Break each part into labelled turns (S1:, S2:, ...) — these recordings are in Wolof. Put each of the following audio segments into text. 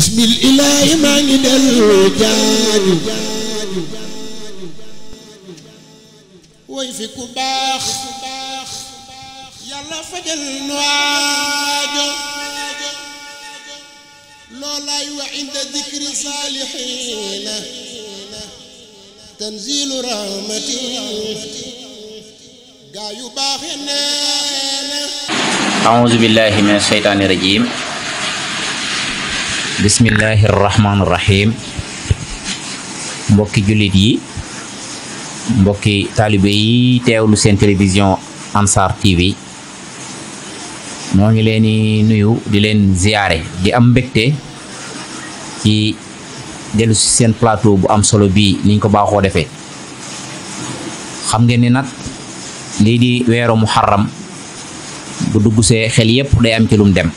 S1: بسم الإله ما ندل جاج
S2: فيكو باخ يلا فجل نواج لولا وعند ذكر صالحين تنزيل رحمتي
S3: قايو باخ أعوذ بالله من الشيطان الرجيم bismillahirrahmanirrahim Boki rahim mbokki boki yi mbokki talibé yi télévision Ansar TV mo ngi leen di nuyu di len ziyaare di am mbégte ci dellu si plateau bu am solo bi niñ ko baaxoo defee xam ngeen ni nag lii di muharram bu xel yépp am ci lum dem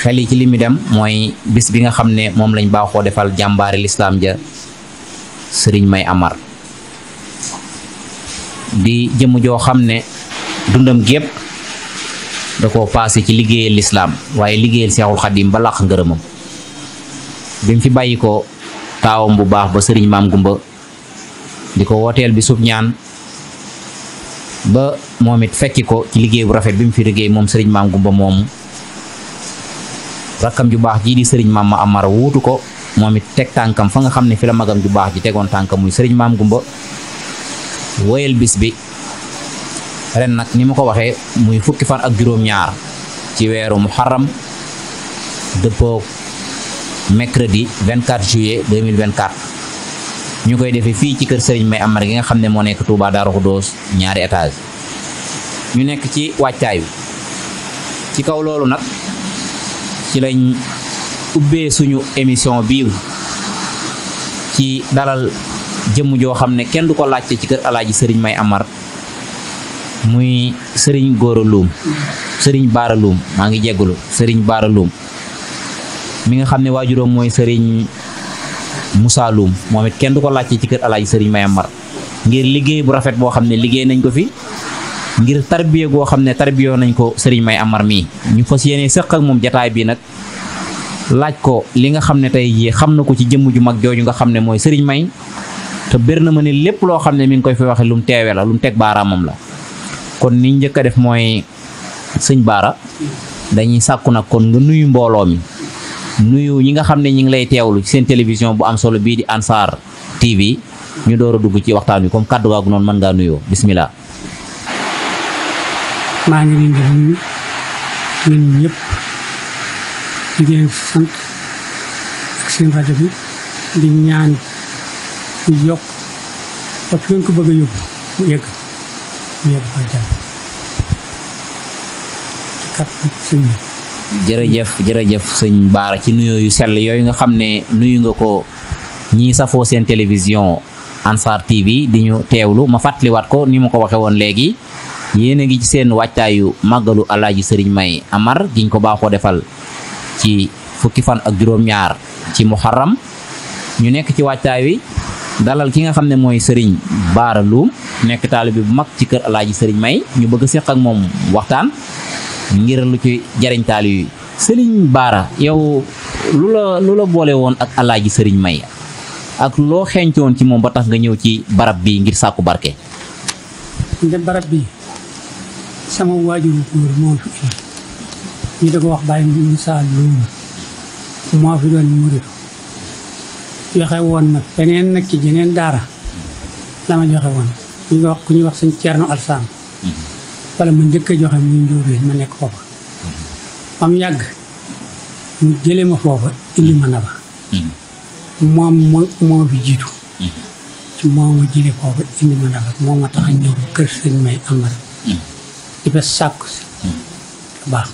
S3: xeli ci limi dem moy bis bi nga xamne ne lañ baxo defal jàmbaari l'islam ja serigne may amar di jëm jo xamne dundam gep da ko passé ci liggéeyal l'islam waye liggéeyal cheikhul khadim ba laq ngeureumam bim fi bayiko ko taawam bu baax ba serigne mam gumba diko wotel bi sub ñaan ba momit fekkiko ci liggéey rafet bim fi liggéey mom serigne mam gumba mom rakkam ju baax jii di sëriñ maam ma amara wuutu ko moom it teg tànkam fa nga xam ne fi la magam ju baax ji tegoon tànkam muy sëriñ maam gumba woyal bis bi ren nag ni ma ko waxee muy fukki fan ak juróom-ñaar ci weeru muharram dëppoo mercredi 24 juillet 2024 ñu koy defee fii ci kër sëriñ May Amar gi nga xam ne moo nekk Touba Darou Khoudoss ñaari étage ñu nekk ci wàccaay ci kaw loolu nag ci lañ ubbé suñu émission bi ci dalal jëm jo xamné ne kenn du ci kër alaaji Serigne may amar muy Serigne gorulum, Serigne Baraloum mangi ngi jéggulu Serigne Baraloum mui mi nga xamné kendo moy Serigne Moussa Loum momit kenn ci kër alaaji Serigne may amar ngir liggéey bu rafet bo xamné liggéey nañ ko fi ngir tarbiyé go xamné tarbiyo nañ ko Serigne may amar mi ñu fas yéene sëq ak mom jotaay bi nak laaj ko li nga xam ne tey jii xam na ko ci jëmm ju mag jooju nga xam ne mooy sëriñ may te bér na ma ne lépp loo xam ne mi ngi koy fi waxe lu mu teewee la lu mu teg baaraamam la kon ni njëkk a def mooy sëñ baara dañuy sàkku nag kon nga nuyu mbooloo mi nuyu ñi nga xam ne ñi ngi lay teewlu ci seen télévision bu am solo bii di Ansar TV ñu door a dugg ci waxtaan wi comme kàddu waagu noonu mën ngaa nuyoo bismillah
S4: liggéey rajo bi di ñaan ñu
S3: jërëjëf sëñ Baara ci nuyoo yu sell yooyu nga xam ne nuyu nga ko ñii safoo seen télévision Ansar TV di ñu teewlu ma fàttaliwaat ko ni ma ko waxe woon léegi yéen a ngi ci seen wàccaayu màggalu alaaji sëriñ May Amar giñ ko baaxoo defal ci fukki fan ak juroom ñaar ci muharram ñu nekk ci waccay wi dalal ki nga xamne moy serigne sëriñ baara luum nekk taalibe bu mag ci keur alaaji serigne may ñu bëgg sekk ak mom waxtaan ngir lu ci jariñ taali serigne bara yow lu lula lu boole won ak alaaji serigne may ak lo xencoon ci mom ba tax nga ñëw ci barab bi ngir saku barke
S4: de barab bi sama ko mo ñu di ko wax bàyyi Moussa Loum moo fi doon murit joxe woon nag beneen nag ci jeneen daara la ma joxe woon ñu wax ku ñuy wax sëñ Thierno Alsaan wala mu njëkk a joxe mu ñu njóobeen ma nekk foofa am yàgg mu ma foofa indi moom moo moo fi jiitu moo ma jëlee foofa indi ma na ba ma tax ñëw kër sëñ may amar di fa sàkku si baax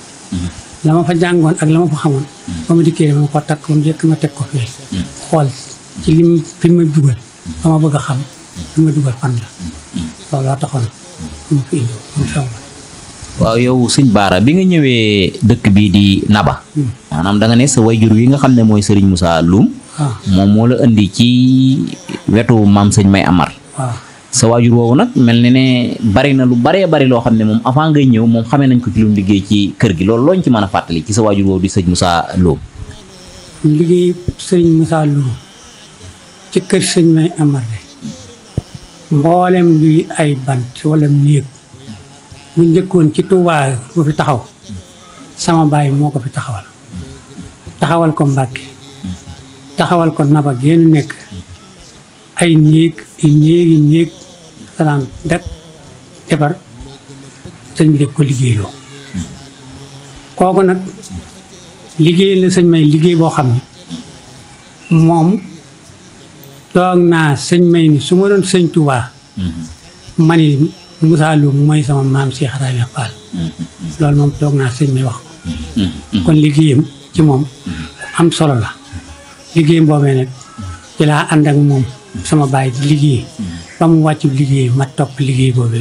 S4: la ma fa jàngoon ak la ma fa xamoon ba ma dikkee ma ko takk ba mu jëkk ma teg ko fii xool ci lim fi ma dugal ba ma bëgg a xam fi ma dugal fan la looloo taxoon mu fi indi mu few
S3: waaw sëñ Baara bi nga ñëwee dëkk bii di Naba hmm. maanaam da ne sa wayjur yi nga xam ne mooy Serigne Moussa Loum ah. moom moo la indi ci wetu maam sëñ May Amar ah. sa wajur woowu nak melni ne bari na lu bari bari lo xamne mom avant ngay ñew mom xamé nañ ko ci lu liggéey ci kër gi lool loñ ci mëna fatali ci sa wajur di sëñ Moussa Lo
S4: ligé sëñ Moussa Lo ci kër sëñ may amar mboolem luy ay bant wala neek ñu ñëkkon ci Touba bu fi taxaw sama bay moko fi taxawal taxawal ko mbacké taxawal ko naba génn nekk ay neek neek danaan ndet jabar sëñ bi def ko liggéeyloo kooku nag liggéey la sëñ may liggéey boo xam ne moom toog naa sëñ may ni su ma doon sëñ Tuubaa ma ni Moussa mooy sama maam Cheikh Rabi Fall loolu moom toog naa sëñ may wax ko kon liggéeyam ci moom am solo la liggéeyam boobee nag ci laa ànd moom sama baay di liggéey ba mu wàccu liggéey ma topp liggéey boobu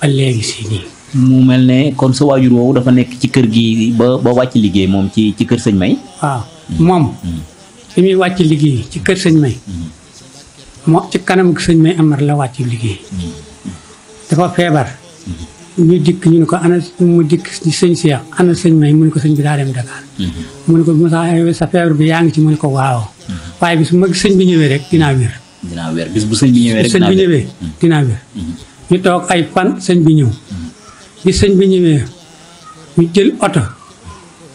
S4: ba léegi si
S3: mu mel ne kon sa waajur woowu dafa nekk ci kër gi ba ba wàcc liggéey moom ci ci kër sëñ May.
S4: waaw ah, hmm. moom. fi hmm. muy wàcc liggéey ci kër sëñ May. Hmm. ci kanam sëñ May Amar la wàcc liggéey. dafa feebar. ñu dikk ñu ne ko ana mu dikk sëñ sëñ May mu ko sëñ bi daa dem Dakar. mu ne sa feebar bi yaa ngi ci mu ko waaw. waaye bi su ma sëñ bi ñëwee rek dinaa wér.
S3: dinaa bis bu sëñ bi ñëwee rek sëñ bi ñëwee
S4: mm-hmm. dinaa weer ñu toog ay fan sëñ bi ñëw mm-hmm. bi sëñ bi ñëwee ñu jël oto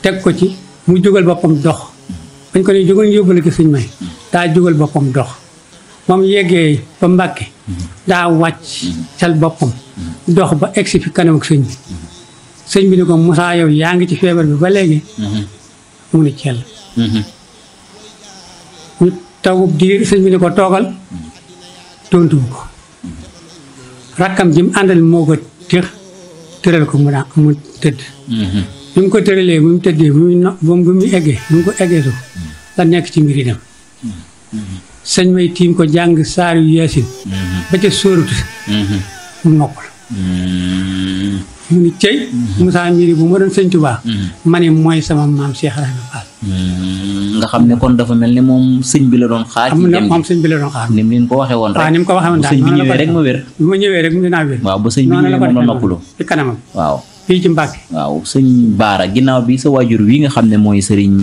S4: teg ko ci mu jógal boppam dox mm-hmm. bañ ko ne jógal ñu yóbbale ki sëñ may daa jógal boppam dox moom yeggee ba Mbàkke daa wàcc cal boppam dox ba egsi fi kanam sëñ bi sëñ bi ni ko Moussa yow yaa ngi ci feebar bi ba léegi mu ni cell taw diir sëñ bi ne ko toogal tontuwu ko rakkam jim àndal moo ko tëx tëral ko mu daan mu tëdd mm-hmm. bi ko tëralee bu mu tëddee bu mu no bu mu eggee bu mu ko eggee su la nekk ci mbiri dem mm-hmm. sëñ may tiim ko jàng saar yu yaasin mm-hmm. ba ca sóorut mu noppal mu ni cey mm-hmm. Moussa Miri bu ma doon sëñ Tuubaa mm-hmm. ma ne mooy sama maam Cheikh Rahma Fall
S1: mm-hmm.
S3: nga xam ne kon dafa mel ni moom sëñ bi la doon xaar sëñ bi la doon xaar ni mu ko waxee woon rek waaw ni mu ko waxee woon daal sëñ bi ñëwee rek ma wér bu ma ñëwee rek mu dinaa wér ci kanamam waaw fii ci ginnaaw bi sa waajur wi nga xam ne mooy sëriñ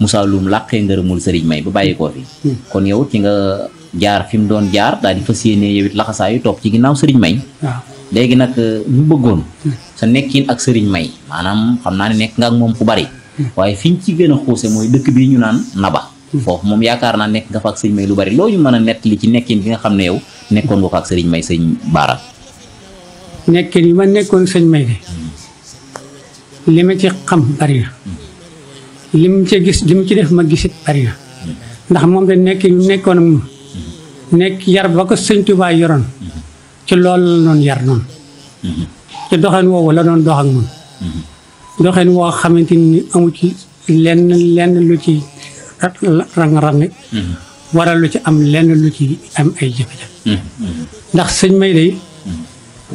S3: Moussa Loum làqee ngërëmul sëriñ May ba bàyyi koo hmm. kon yow ci nga jaar fi mu doon jaar daal di fas yéene yow it laxasaayu topp ci ginnaaw sëriñ May léegi nag euh, ñu bëggoon sa nekkiin ak sëriñ may maanaam xam naa ne nekk nga ak moom ku bari waaye fiñ ci gën a xuuse mooy dëkk bii ñu naan naba foofu moom yaakaar naa nekk nga fa ak sëriñ may lu bari loo ñu mën a nett li ci nekkin bi nga xam ne yow nekkoon nga ko ak sëriñ sëñ baara
S4: nekkin yi ma nekkoon sëñ may de li ma ci xam bari na li mu ci gis li mu ci def ma gisit bari na ndax moom de nekk yu nekkoon nekk yar ba ko sëñ Tuubaa yoroon ci loolu la noon yar noonu ci mm-hmm. doxeen woowu la doon dox ak moom mm-hmm. doxeen woo xamante ni ci lenn lenn lu ci rang mm-hmm. waral lu ci am lenn lu ci am ay jafe-jafe ndax sëñ may day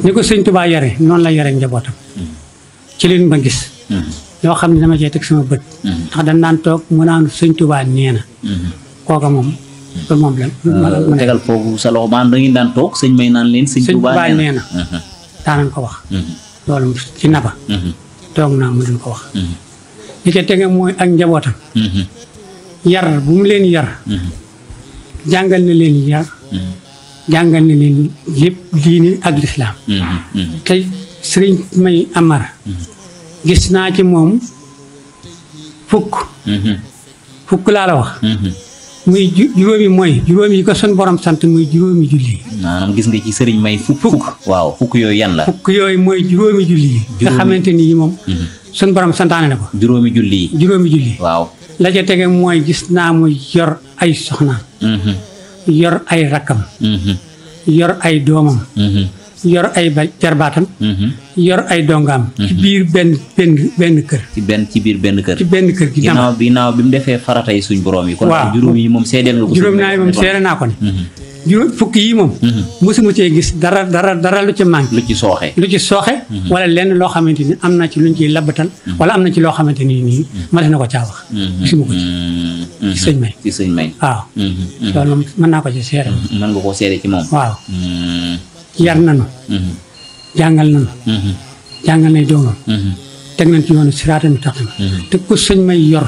S4: ni ko sëñ Tuubaa yare noonu la yare njabootam ci leen ma gis yoo xam ne dama cee teg sama bët ndax dañ naan toog mu naan sëñ Tuubaa nee kooka moom lool mom len tegal
S3: fofu sa loxo man da ngeen daan toog sëñ may naan leen sëñ tuba nee na
S4: daanan ko wax loolu ci naba toog naa mu leen ko wax li ca tege mooy ak njabootam yar bu mu leen yar jàngal na leen yar jàngal na leen lépp diine ak lislaam te sëriñ may amara gis naa ci moom fukk fukk laa la wax muy juróomi mooy juróomi yi ko sun borom sant muy juróomi julli.
S3: maanaam gis nga ci sëriñ may fukk fukk. waaw fukk yooyu yan la.
S4: fukk yooyu mooy juróomi julli. nga xamante ni moom. Mhm. sun borom santaane na ko.
S3: juróomi julli.
S4: juróomi julli. waaw la ca tege mooy gis naa mu yor ay soxna. Mhm. yor ay rakkam. Mhm. yor ay doomam. yor ay ba jarbaatam. yor ay dongaam. ci mhm. biir benn benn benn kër. ci benn ci biir benn kër. ci benn kër gi ginnaaw bi naaw bi mu defee
S3: farata yi suñ borom yi. kon juróom yi moom seedeel nga ko. moom seede naa ko
S4: ne. Mhm. juróom moom. Mhm. mosuma cee gis dara dara dara lu ci manqué. lu ci sooxe lu ci sooxe. wala lenn loo xamante ni am na ci luñ ciy labbatal. wala am na ci loo xamante ni nii. ma na ko caa wax. sëñ may sëñ may. waaw. loolu moom mën naa ko ci seere. mën nga koo seere ci moom. waaw. yar nañu. jàngal nañu. Mhm. jàngal nañ doomam. Mhm. teg nañ ci yoonu siraata mi tax mhm. te ko sëñ may yor.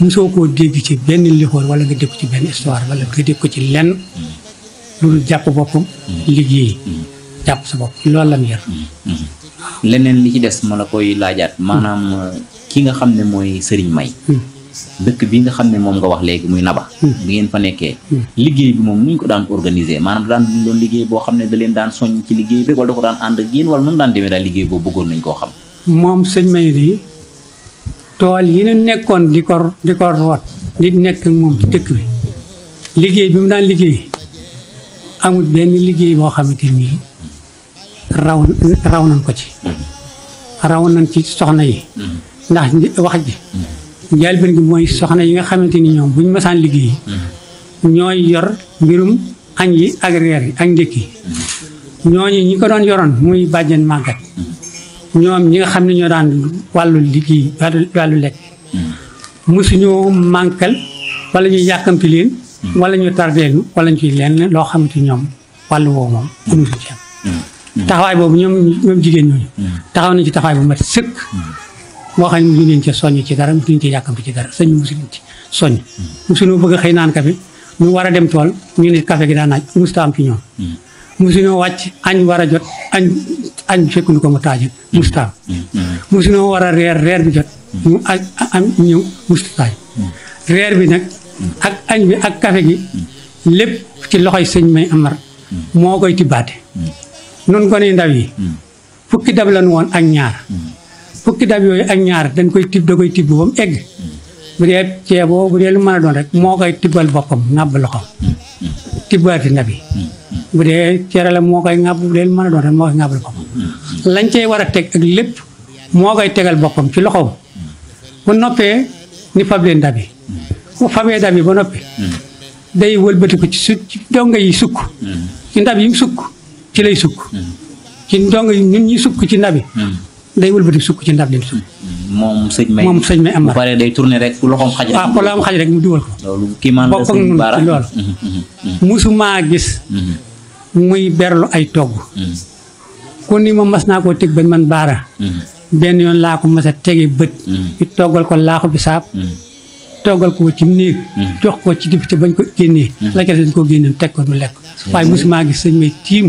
S4: mosoo koo dégg ci benn lixoor wala nga dégg ci benn histoire wala nga dégg ko ci lenn. loolu jàpp boppam. liggéey jàpp sa bopp loolu la mu yor.
S3: leneen li ci des ma la koy laajaat maanaam ki nga xam ne mooy sëriñ may. Hmm. dëkk bi nga xam ne moom nga wax léegi muy naba bu ngeen fa nekkee liggéey bi moom nuñ ko daan organiser maanaam daan duñ doon liggéey boo xam ne da leen daan soññ ci liggéey bi wala da ko daan ànd ak yéen wala nu daan demee daal liggéey boobu bëggoon nañ koo xam
S4: moom sëñ may yi tool yi ñu nekkoon di ko di ko root di nekk moom ci dëkk bi liggéey bi mu daan liggéey amul benn liggéey boo xamante ni raw raw nañ ko ci raw nañ ci soxna yi ndax wax ji njëlbéen gi mooy soxna yi nga xamante ni ñoom buñ masaan liggéey ñooy yor mbirum añ yi ak reer yi ak ndékki ñooñu ñi ko doon yoroon muy bàjjen màggat ñoom ñi nga xam ne ñoo daan wàllu liggéey wàllu wàllu lekk mosuñu mànkal wala ñu yàkkamti leen wala ñu tardeelu wala ñu ciy lenn loo xamante ñoom wàllu woowu mm. Mm. taxawaay boobu ñoom jigéen ñooñu mm. taxaw nañ ci taxawaay bu mat sëkk moo xam ne mosuñu ci soññ ci dara mosuñu ci yàkkamti ci dara sëñ bi mosu leen ci soññ mosuñu bëgg a xëy naan kafe mu war a dem tool ñu ni kafe gi daa naaj mosut am wàcc añ war a jot añ añ fekk ko mu taaj mosut am mosuñoo war a reer reer bi jot ñu a am ñëw mosut taaj reer bi nag ak añ bi ak kafe gi lépp ci loxoy sëñ may amar moo koy tibbaate nun gone ndaw yi fukki dab lañu woon ak ñaar fukki dab yooyu ak ñaar dañ koy tib da koy tibb ba mu egg bu dee ceeboo bu dee lu mën a doon rek moo koy tibbal boppam ŋàbb loxo tibbaati ndab yi bu dee cere la moo koy ŋàbb bu dee lu mën a doon rek moo koy ŋàbbal boppam lañ cey war a teg ak lépp moo koy tegal boppam ci loxoom bu noppee ni fab leen ndab yi bu fabee ndab yi ba noppi day wëlbati ci su ci donga yi sukk ci ndab yi sukk ci lay sukk ci donga yi ñun ñi sukk ci ndab yi day wëlbati sukk ci ndab leen moom sëñ may sëñ may am bu day tourné rek loxoom xaj rek. Ah, rek mu dugal ko. loolu kii man la sëñ Bara loolu. Mhm, mhm, mhm. musuma gis. muy berlu ay togg. ku ni mas naa koo teg bañ man Bara. benn yoon laa ko mas a tege bët. ñu toggal ko laaxu bisaab. toggal ko ci néeg jox ko ci dib bañ ko génnee la ca dañ ko génneem teg ko mu lekk waaye musuma gis sëñ may tiim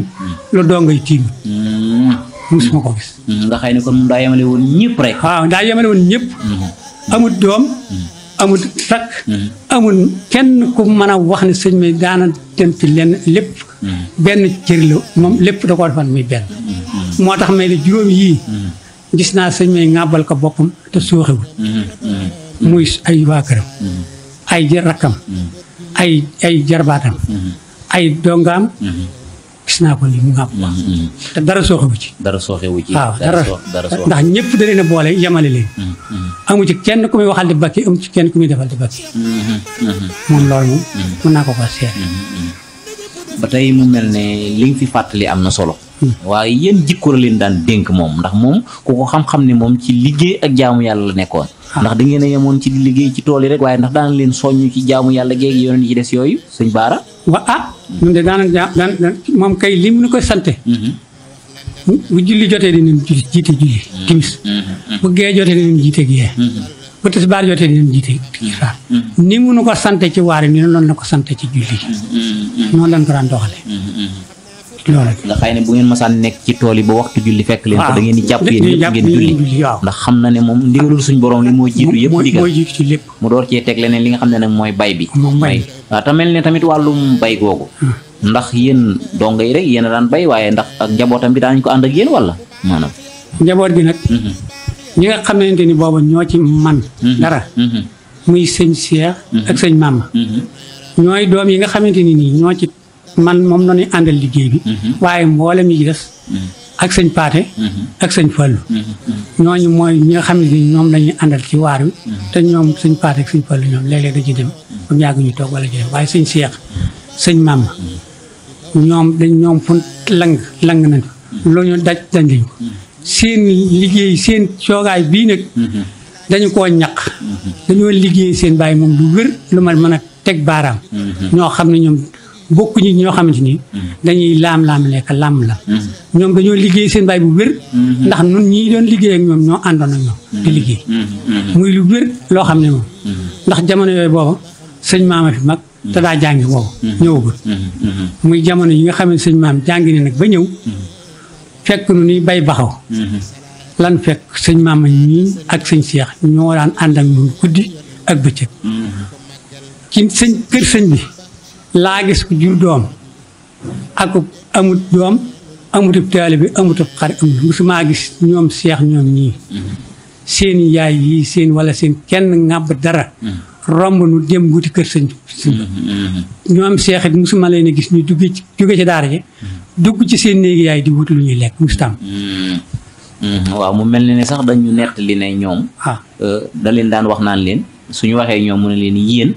S4: lu doo ngay tiim musuma ko gis. Mm-hmm. nga xëy ne kon daa yemale woon ñëpp rek. waaw ah, daa yemale woon ñëpp.
S1: Mm-hmm.
S4: amut doom. Mm-hmm. amut sakk. amul kenn ku mën a wax ne sëñ bi daana dem ci lenn lépp. benn cër la moom lépp da koo defal muy benn. moo tax may la juróom yii. gis naa sëñ may ŋàbbal ko boppam te sooxewul muy ay waa këram ay rakkam ay jarbaatam ay dongaam gis naa ko lii mu nga baax mm-hmm. te dara sooxewu ci
S2: dara sooxewu ci waaw dara ndax
S4: ñëpp da leen a boole yemale leen mm-hmm. ci kenn ku muy waxal di ci kenn ku muy defal di bakki mm-hmm. moom loolu moom mën naa ko ko seet ba tey mu mel ne
S3: li nga fi fàttali am na solo mm. waaye yéen jikko la leen daan dénk moom ndax moom ku ko xam-xam ne moom ci liggéey ak jaamu yàlla la nekkoon Ah. ndax da ngeen a yemoon ci liggéey ci tool yi rek waaye ndax daan leen soññ ci jaamu yàlla géeg yoon yi ci des yooyu sëñ baara wa ah ñun de daana daan
S4: moom kay li mu koy sante mm-hmm. bu julli jotee dinañ julli jiite julli mm-hmm. timis mm-hmm. bu gee jotee dinañ jiite gee bu tisbaar jotee dinañ jiite tisbaar ni mu nu ko sante ci waar yi ni noonu la ko sante ci julli noonu lañ ko daan doxale nga
S3: iya. xayna bu ngeen mësa nek ci toli yi ba waxtu julli fekk leen ko da ngeen di japp yéen ngeen julli ndax xamna ne mom ndigalul suñ borom li mo jitu yep digal mu door ci tek leneen li nga xamne nak moy bay bi mooy ah, ta mel tamit walum bay gogo ah. ndax yeen donga yi rek yeen daan bay waye ndax ak jabotam bi daañu ko and ak yeen wala manam njaboot bi nak mhm.
S4: ñi nga xamne ni bobu ño ci man mhm. dara mhm. muy seigne Cheikh ak seigne Mama ñoy doom yi nga xamanteni ni ño ci man moom nañu àndal liggéey bi mhm. waaye mboolem yi des mhm. ak sëñ Paate mhm. ak sëñ Fallu ñooñu mooy ñi nga xam ne ñoom la ñuy àndal ci waar wi te ñoom sëñ Paate ak sëñ Fallu ñoom léeg-léeg da ci dem ba mu yàgg ñu toog wala jëlee waaye sëñ Seex sëñ Maam ñoom dañ ñoom fu lang lang nañ lu ñu daj dañ lañ ko seen liggéey seen coogaay bii nag dañu koo ñaq dañoo liggéey seen bàyyi moom lu wér lu ma mën a teg baaraam ñoo xam ne ñoom bokkuñu ñoo xamante ni dañuy laam-laam lekk làmm la ñoom dañoo liggéey seen baay bu wér ndax nun ñii doon liggéey ak ñoom ñoo àndoon ak di liggéey muy lu wér loo xam ne moom ndax jamono yooyu booba sëñ ma fi mag te daa jàngi boobu ñëwagul muy jamono yi nga xam ne sëñ maam jàngi ne nag ba ñëw fekk nu ni bay baxaw lan fekk sëñ maama ñii ak sëñ seex ñoo daan ànd ak ñun guddi ak bëccëg mm-hmm. ci sëñ kër sëñ bi laa gis ku jur doom ak amut doom amutub taalibe amutub xar amut musuma gis ñoom seex ñoom nii seen yaay yii seen wala seen kenn ŋàbb dara romb nu dem wuti kër sëñ ñoom seex it musuma leen a gis ñu duggee ci jóge ci daara ji dugg ci seen néegi yaay di wut lu ñuy lekk mustam
S3: waaw mu mel ne sax dañu nett li ne ñoom ah. euh, da leen daan wax naan leen suñu waxee ñoom mu ne leen yéen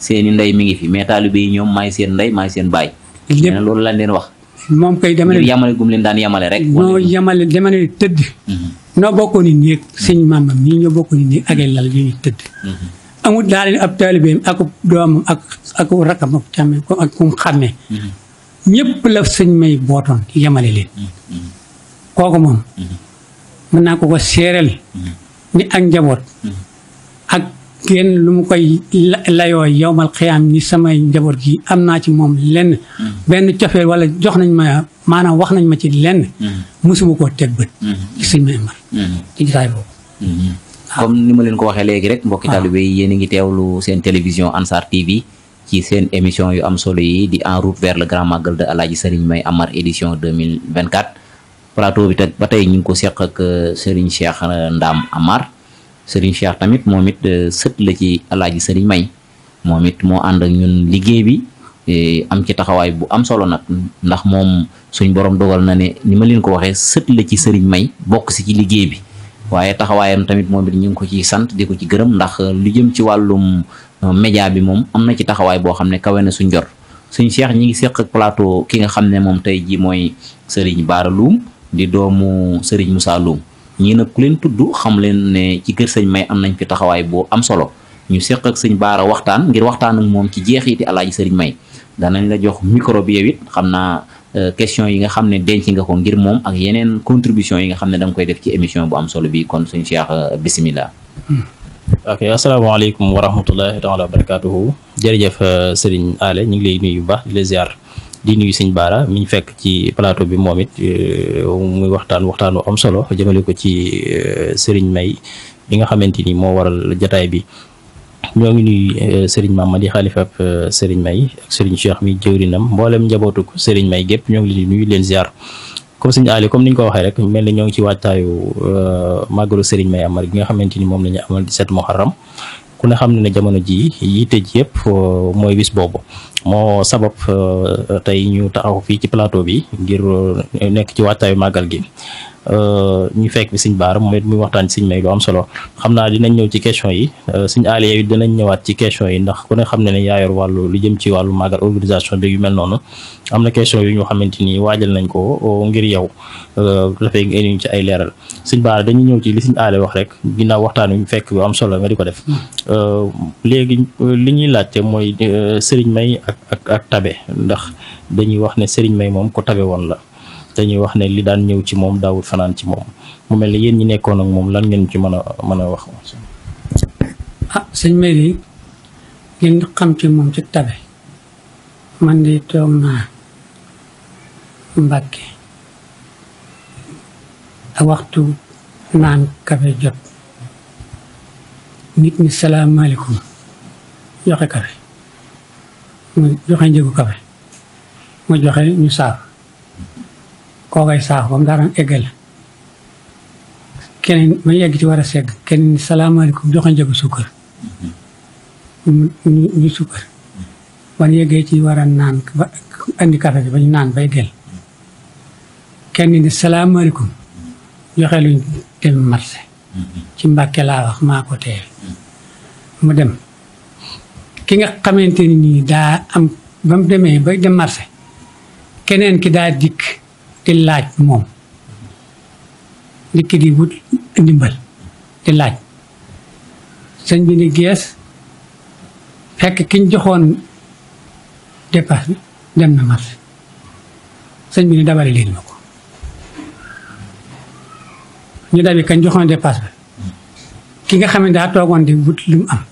S3: seeni ndey mi ngi fi mais taalibe yi ñoom maay seen ndey maay seen baay. lépp nee loolu lañ leen wax.
S4: moom kay dama ne
S3: yamale gum leen daan yamale rek. noo
S4: yamale dama ne tëdd. Mhm. noo bokkoon ni néeg sëñ maamam ñii ñoo bokkoon ni néeg ak lal yi ñuy tëdd. Mhm. amul daal ab taalibeem ak doomam ak ak rakam ak càmmee ak kum xàmmee. Mhm. ñëpp la sëñ may bootoon yamale leen. kooku moom. mën naa ko ko séeral. ni ak njaboot. kenn lu mu koy layoo yowmal xiyaam ni samay njaboot gi am naa ci moom lenn benn cofeel wala jox nañ ma maanaam wax nañ ma ci lenn mm-hmm. musuma koo teg bët mm-hmm. ci sëñ ma imar mm-hmm.
S3: comme ni ma leen ko waxee léegi rek mbokki taalibe yi yéen a ngi teewlu seen télévision Ansar TV ci seen émission yu am solo yi di en route vers le grand magal de Alaaji Serigne May Amar édition 2024 plateau bi teg ba tey ñu ngi ko seq ak euh, Serigne Cheikh euh, Ndam Amar Serigne Cheikh tamit moom it euh, sët la ci alaaji Serigne May moom it moo ànd ak ñun liggéey bi e, am ci taxawaay bu am solo nag ndax moom suñ borom dogal na ne ni ma leen ko waxee sët la ci Serigne May bokk si ci liggéey bi waaye taxawaayam tamit moom it ñu ngi ko ci sant di ko ci gërëm ndax euh, lu jëm ci wàllum euh, média bi moom am na ci taxawaay boo xam ne kawe na suñ jor suñ Cheikh ñi ngi seq ak plateau ki nga xam ne moom tey ji mooy Serigne Baara Loum di doomu Serigne Moussa ñii nag ku leen tudd xam leen ne ci kër sañ may am nañ ko taxawaay boo am solo ñu seq ak sëñ baara waxtaan ngir waxtaan moom ci jeexiti alaaji sëriñ may danañ la jox micro bi xam naa euh, question yi nga xam ne denc nga ko ngir moom ak yeneen contribution yi nga xam ne danga koy def ci émission bu am solo bi
S2: kon suñ Cheikh euh, bisimilah. Hmm. ok asalaamaaleykum wa rahmatullahi taala wa barakatuhu jërëjëf euh, Serigne Ale ñu ngi lay nuyu bu baax di la ziar di nuyu sëñ Baara mi ñu fekk ci palaato bi moom it euh, muy waxtaan waxtaan wu am solo jëmale ko ci euh, Serigne May bi nga xamante ni moo waral jataay bi ñoo ngi nuy nuyu euh, Serigne Mamadi xalifa ab Serigne May ak Serigne Cheikh mi jëwrinam mboolem njabootu ko Serigne May gépp ñoo ngi leen di nuyu leen ziar. comme sëñ Ali comme ni ñu ko waxee rek mel ni ñoo ngi ci waajtaayu màggalu Serigne May Amar gi nga xamante ni moom la ñu amal 17 Muharram ku ne xam ne ne jamono ji yitte ji yëpp euh, mooy bis boobu moo sabab euh, tey ñu taxaw fii ci plateau bi ngir euh, nekk ci waajtaayu màggal gi Euh, ñu fekk fi sëñ Baara moom it muy waxtaan ci sëñ may lu am solo xam naa dinañ ñëw ci question yi euh, sëñ Aliou yi dinañ ñëwaat ci question yi ndax ku ne xam ne ne yaa yor wàllu lu jëm ci wàllu màggal organisation bi yu mel noonu am na question yu ñu xamante ni waajal nañ ko euh, ngir yow dafay nga indi ci ay leeral sëñ Baara dañu ñëw ci li sëñ Aliou wax rek ginnaaw waxtaan wi fekk lu am solo nga di ko def hmm. léegi li ñuy laajte mooy sëriñ may ak ak tabe ndax dañuy wax ne sëriñ may moom ko tabe woon la dañuy wax ne li daan ñëw ci moom daawul fanaan ci moom mu mel ne yéen ñi nekkoon ak moom lan ngeen ci mën a mën a wax.
S4: ah sëñ Mary ngeen xam ci moom ci tabe man di toog naa Mbàkke waxtu naan kafe jot nit ñi salaamaaleykum joxe kafe mu joxe njëgu kafe mu joxe ñu saaf kookay saax bam daaraan eggale keneen ma yegg ci war a segg keneen ni salaamaaleykum joxe njëgu sukkar mm-hmm. ñu sukkar ban yeggee ci war a naan ba andi café bi ba ñu naan bay gel kenn ni salaamaaleykum joxe luñ dem marché mm-hmm. ci mbàkke laa wax maa ko teel mu dem ki nga xamante ni nii daa am ba mu demee ba dem marché keneen ki daa dikk di laaj moom ndikki di wut ndimbal di laaj sëñ bi ni gees fekk kiñ joxoon dépasse bi dem na marché sëñ bi ni dabale leen ma ko ñu dabi kañ joxoon dépasse bi ki nga xam ne daa toogoon di wut lu am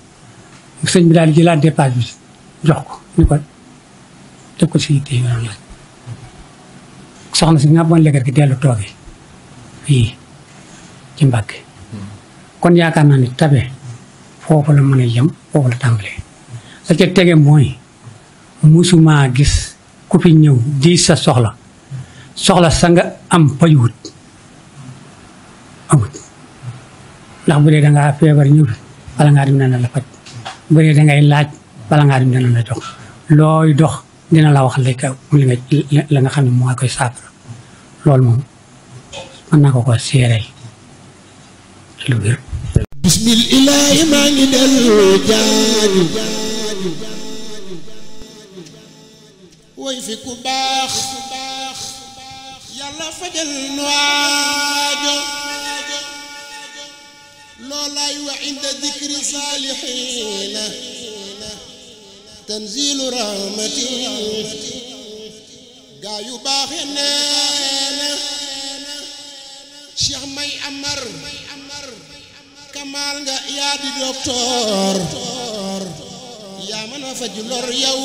S4: sëñ bi daal di jëlaat dépasse bi jox ko ni ko def ko si yitte yi soxna si nàmpoon leget gi dellu tooge fii ci mbàgg kon yaakaar naa ni tabe foofu la mën a yem foofu la tàmbalee la ca tege mooy musumaa gis ku fi ñëw di sa soxla soxla sa nga am pajuwut amut ndax bu dee dangaa feebar ñëw fi bala ngaa dem dana la faj bu dee dangay laaj bala ngaa dem dana la jox looy dox dina la wax li nga la nga xam ne moo koy saafara loolu moom mën naa ko ko seeral lu wér
S1: bismillahi maa ngi dellu jaaju
S2: woy fi ku baax yàlla fajal nu aajo loolaay wa inda dikri saalihiina tanzilu rahmatin gaa yu baaxe neena Cheikh May Amar Kamal nga yaa di docteur yaa mën a faj lor yow